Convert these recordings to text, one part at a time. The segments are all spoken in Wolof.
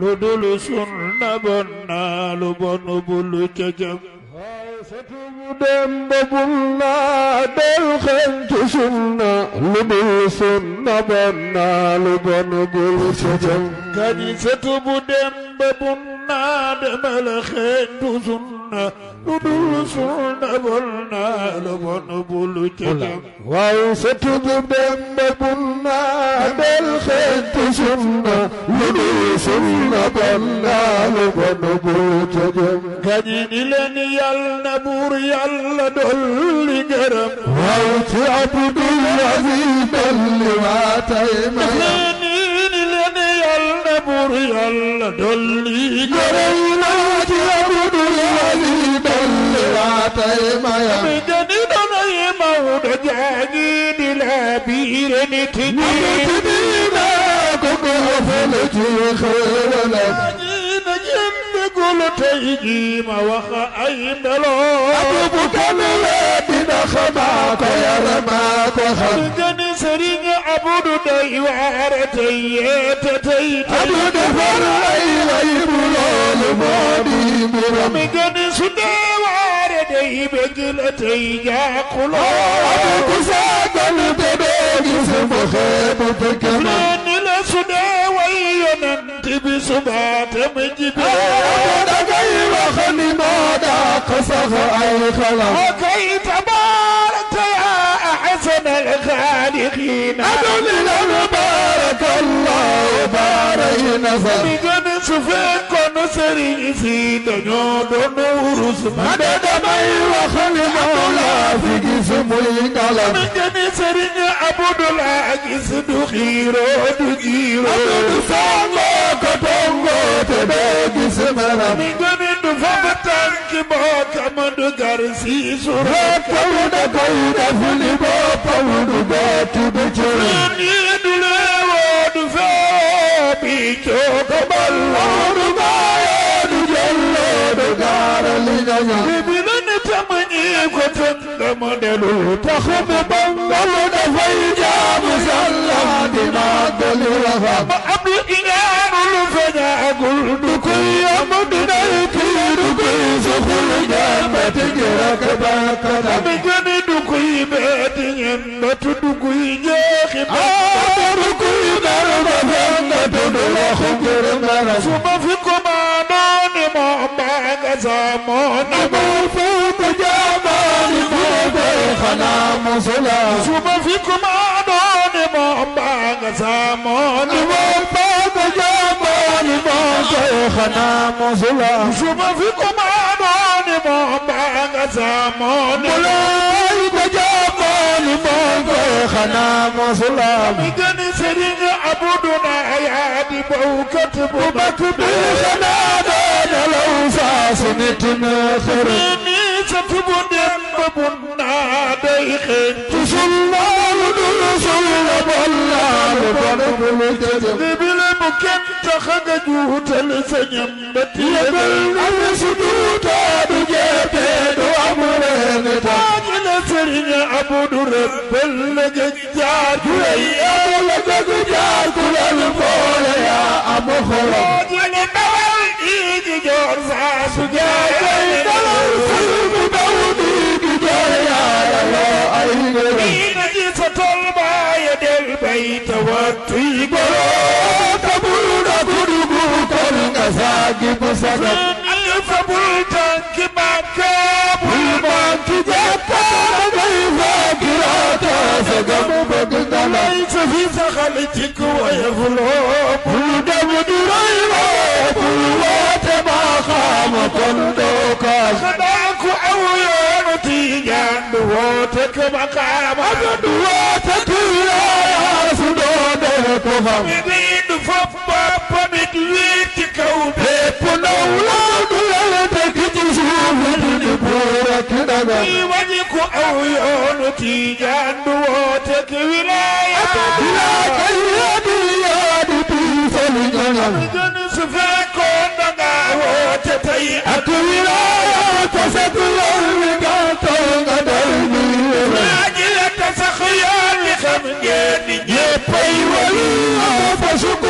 lu dul sunna bon naa lu bon bulu ca jëm satubu dem ba bul dem ba bul naa sunna waaye sëtu bu Demba Bunna del xeet sunna lu dul sunna bon naa lu bon bu ca jëm gañi ni leen yal na buur yàlla dolli ngërëm waaw ci Abdul Aziz dolli waa tey may gañi ni leen yal na buur yàlla dolli ngërëm tey danay maw da jaangi di la biir nit ñi dina ko ko fël ci xëwala na jënd gulu tey ji ma wax ay ndaloo abu bu kan la dina xamaa ko yara maa ko xam gani sëriñ abudu day waare tey yeete tey abu defar ay way bu loolu moo di mbiram gani su dee يدي بقلتي يا قلوب تساقل تبيك سفخيب تكمل لسنا وينا تبس ما تمجب تغير خلي ما داق صخ أي خلق وكي تبارك يا أحسن الخالقين أدل الأرض بارك الله بارك نفر sufe kono sëriñ si dañoo doon wurus ma de damay waxal fi gis muy ngalam mi gëni sëriñ abudulaa ko tongoo te doo gis maram mi gëni du fab tànk boo kam du gar si sura kaw da koy def li boppam du bett mu dellu taxaw mu bon. loolu dafay jaamu sallam dina dolli la fa. ba am lu iñaanu lu feeñagul du koy am dina سبل نعمة جرك باك لم جني دكوي بيتين بتدكوي جاخي بتدكوي مرمى بتدلخ جرمى ثم فيكم آنان مؤمن زمان موفوق جامان خنا مصلا ثم فيكم آنان مؤمن زمان موفوق جامان خنا مصلا ثم فيكم آنان ni moo baax nga saamoo ne. Moulay Badiama ni moo koy xanaa mosulaam. mi gën sëriñ Abuduna yaa di bawkat bu mag bi xanaa doo nelaw saa su nit na xërëm. nii sa fi bu dem ba bu naa day xëy. tusul loolu dul sul la bon laa lu bon bu lu jëjëm. kenn tax nga juutal sa ñam ba tiye bal na su duutaa du am ren taaj la sëriñ Abudu Rabbal la gëj jaar ku la yaa la gëj jaar ku la lu boole yaa am xolam ni bawal ii di joor saa su jaay dalal sëriñ bu baw di di joor yaa yaloo ay ngërëm ii na ci sa tool baa ya del bay tawattu yi goroo tabul na ku dugg kon nga saagi bu sagal al fabul في زخمتك ويغلب كل دم دريب كل وقت ما خام طندوك صداك عويان تيجان دواتك مقام دواتك يا سدودك فم tiijaan du woote ak wilaaya wilaaya yoodu yoodu tiisalu ñoŋal su fekkoon da nga woote tey ak wilaaya kese du yoon wi gàttoo nga doy ni laaj la tasax yoon fa suku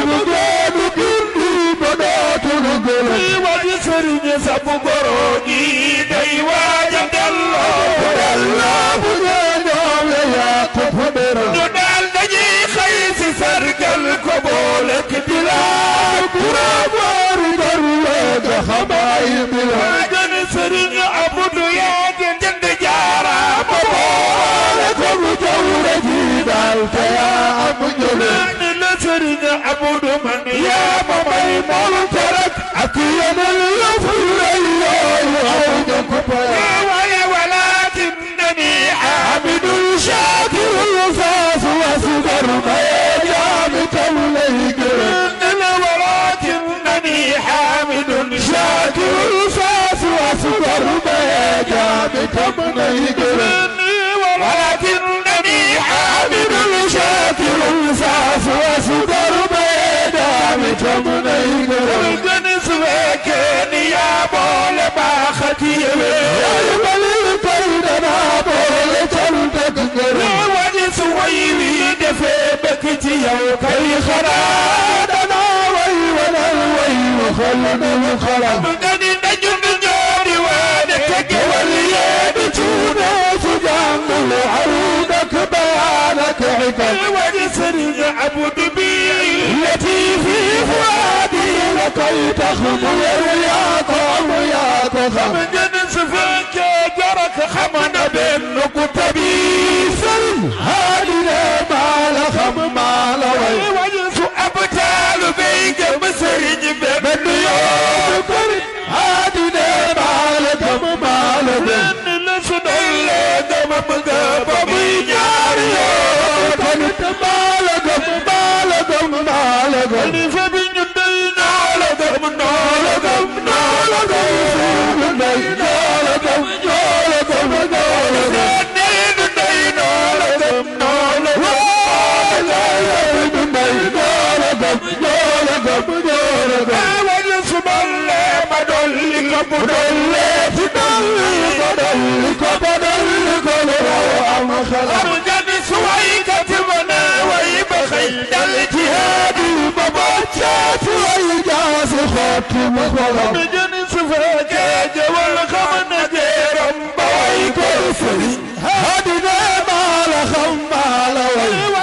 manu doonu bindi ba dootulu gëlëm ñi waji sëriñ sa bu goroo ñi day waaja delloo bu delloo bu ñee ñoom la yàqu wasu darbe da mutum na yi gani su ke ni ya bole ba khatibe ya yi balitar da na bole can da gagare wani su wayi da fe bakiti yau kai khara da na wai wani wai muhammadin khara gani da jirgin jari wa da take waliye da tuna su jangulu arudaka bayanaka hikar سرد عبد بي التي في فؤادي لكي تخمر يا قوم يا قوم من جد سفر بدل بدل بدل بدل بدل أمجد سويكة منا ويبخل الجهاد بباتشات ويجاز خاتم خلق بجنس فجاج والخمن جيرم بويكة هدنا مال خمال ويبخل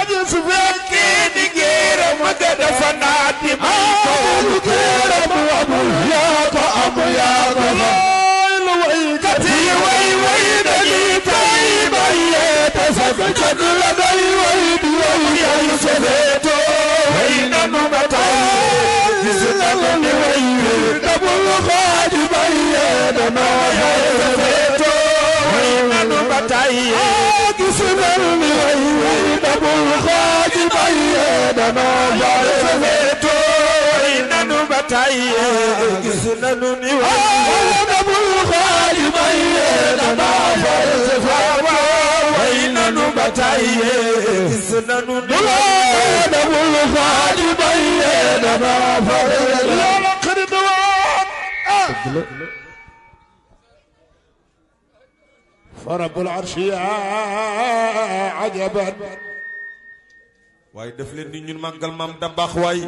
de dafa naat di may ko lu këram mu amul yaa ko am yaa ko am waykat yi way way dañuy tay bayee te sax kat la day way di way yal sa feetoo way nanu ba tay gis nanu ni way dabul xaaj bayee dana yal sa feetoo way nanu ba tay gis nanu ni ji baye danoo jaare safee tooy nanu ba taye gis nanu ni way damul xaali baye danoo jaare safee way nanu ba taye gis nanu ni way damul xaali baye danoo jaare loola xarit waan فرب العرش يا عجبا واي دفلين ني نون مانغال مام دباخ واي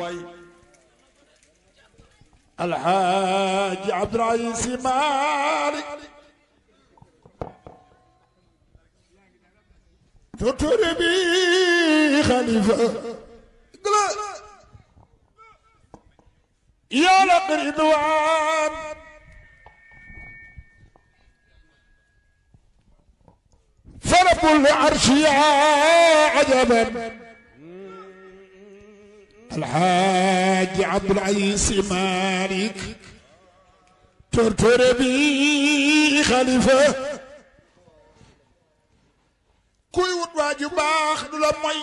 الحاج عبد الرئيس مالك تتربي خليفة يا لك رضوان فرب العرش يا عجبا الحاج عبد العزيز مالك ترتر بي خليفة كوي ود واجو باخ دولا موي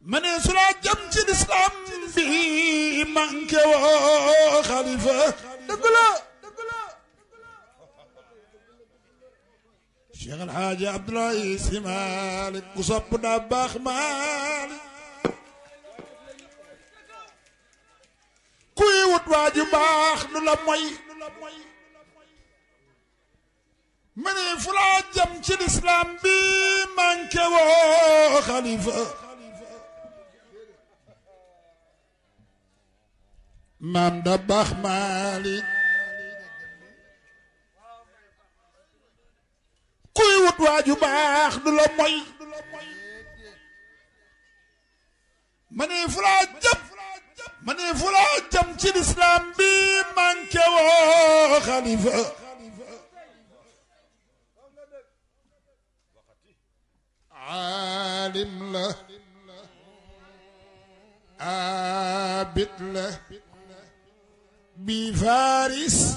من يسرع جمج الإسلام به منك وخليفة دقلا شيخ الحاج عبد الرئيس مالك قصب نباخ مالك كوي ودواج ماخ نلمي من فلا جم في الاسلام بمنك خليفة مام دباخ مالك nit waaju baax du la moy ma ne fu laa jëm ma ne fu laa jëm ci lislaam bi manqué woo xalifa عالم له عابد له بفارس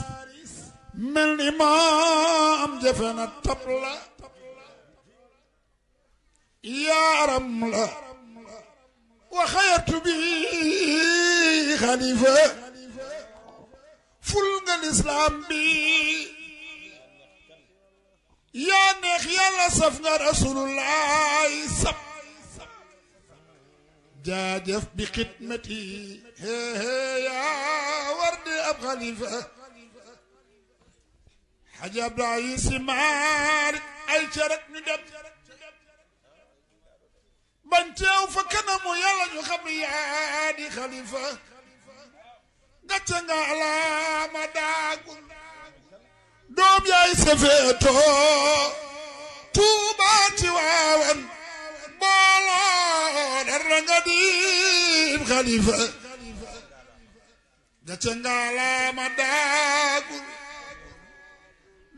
من الإمام جفن الطبلة يا رملة وخيرت به خليفة فلق الإسلام بي يا نيخ يا صفنا رسول الله سب جاجف بخدمتي هي هي يا ورد أب خليفة حجاب رئيس مار أي شرك ندب teew fa kanamu yàlla ñu xam yaa di xalifa gàcce nga alaama daagul doom yaay safeetoo tuubaati waawan booloo dara nga diib xalifa gàcce nga alaama daagul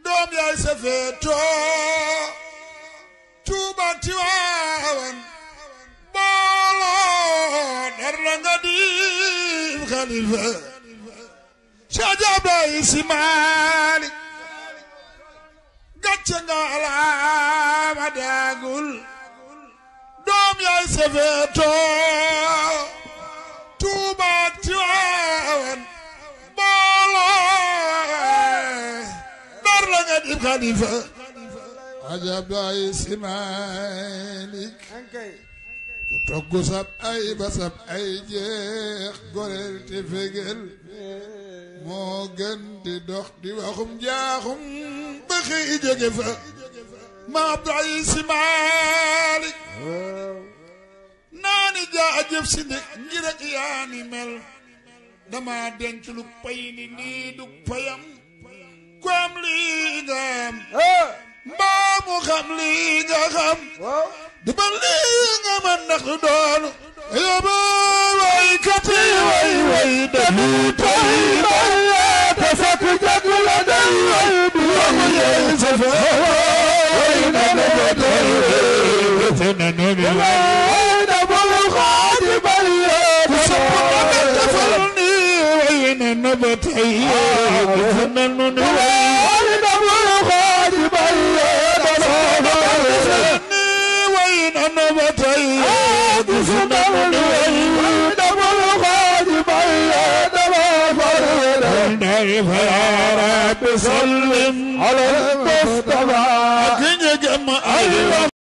doom yaay safeetoo الفاء شجب اسماني gàcce nga alaama daagul doom yaay safeetoo tuuba ci waawan booloo dar la nga dib xalifa ajab daay si maalik togg sab ay basab ay jeex goreel te fegel moo gën di dox di waxum jaaxum ba xëy jóge fa ma Abdu Aysi Maalik naani jaa a jëf si ndek ngir ak yaani mel dama denc lu ni nii du payam ku lii nga am mbaa mu xam lii nga xam di ba lii nga mën ndax du doon yóbbu waykat yi way way dañuy toy bay te fekk jàng la day way du yóbbu yey sa fa way na ne ba tey way